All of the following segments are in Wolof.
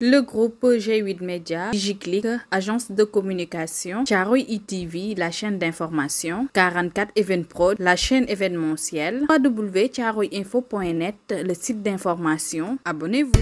Le groupe G8 Media, DigiClick, agence de communication, Charoui ITV, la chaîne d'information, 44 Event la chaîne événementielle, www.charouinfo.net, le site d'information. Abonnez-vous.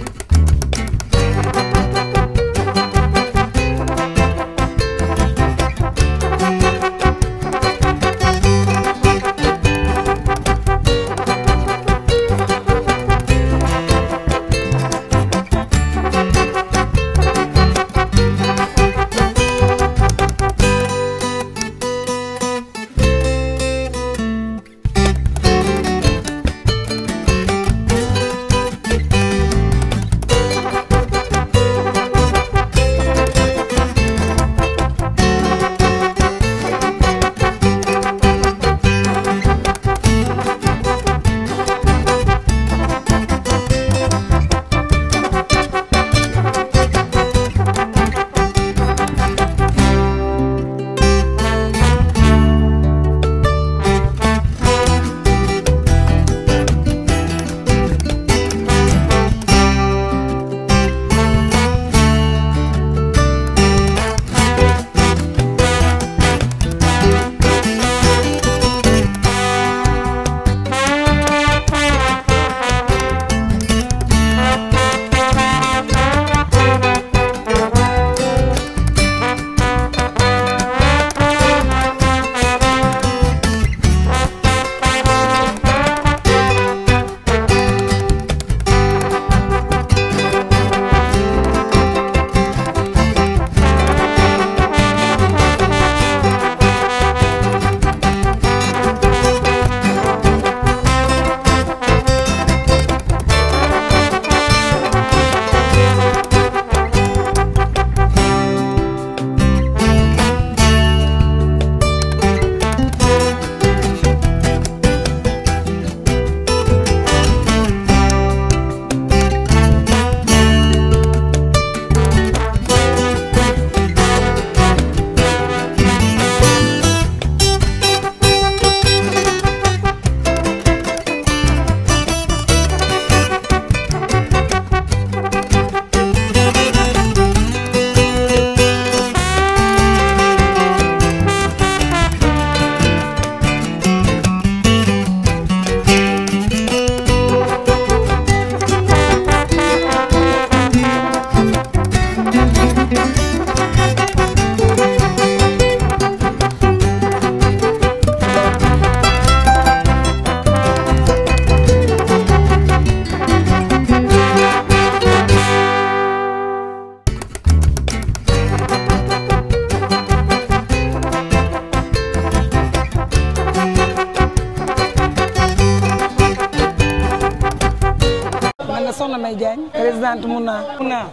May Diagne présidente Mouna Mouna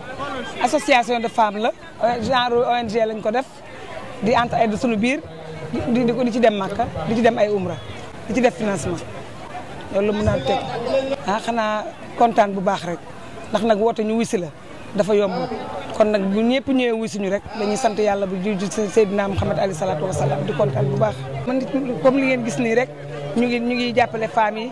association de femmes la genre ONG lañ ko def di entre ay suñu biir di di ci dem Makka di ci dem ay umra di ci def financement loolu mun naa teg ah xanaa kontaan bu baax rek ndax nag woote ñu wisi la dafa yomb kon nag bu ñëpp ñëwee wuy suñu rek dañuy sant yàlla bu ju Seydina Muhammad alayhi salaatu wasalaam di kontaan bu baax. man comme li gis nii rek ñu ngi jàppale femmes yi.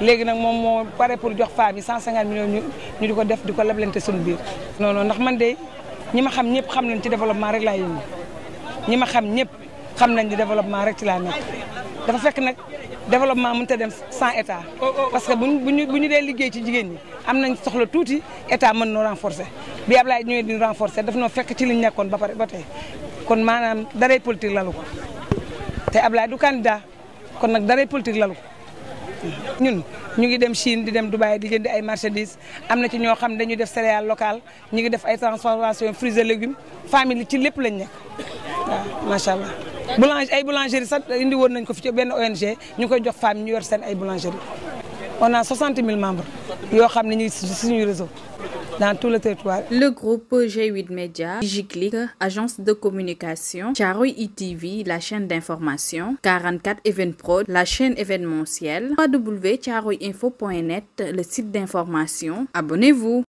léegi nag moom moo pare pour jox femme yi 150 millions ñu ñu di ko def di ko lablante suñu biir. non non ndax man de ñi ma xam ñëpp xam nañ ci développement rek laa yëngu ñi ma xam ñëpp xam nañ ci développement rek ci laa nekk dafa fekk nag développement mënut a dem cent état. Oh, oh, oh. parce que buñ buñu bu ñu dee liggéey ci jigéen ñi am nañ soxla tuuti état mën noo renforcer bi Ablaye ñëwee di renforcer daf noo fekk ci liñ nekkoon ba pare ba tey kon maanaam daray politique lalu ko te Ablaye du candidat kon nag daray politique lalu ñun ñu ngi dem Chine di dem Dubaï di jëndi ay marchandises am na ci ñoo xam dañuy def céréales local ñu ngi def ay transformation fruits et légumes famille ci lépp lañ nekk macha allah. boulangerie ay boulangerie sax indi woon nañ ko fi ci benn ONG ñu ko jox femmes ñu yor seen ay boulangerie on a 60 mille membres yoo xam ne ñi ngi suñu réseau. le Le groupe G8 Media, Digiclick, agence de communication, Charoui ITV, e la chaîne d'information, 44 Event Pro, la chaîne événementielle, www.charoinfo.net, le site d'information. Abonnez-vous.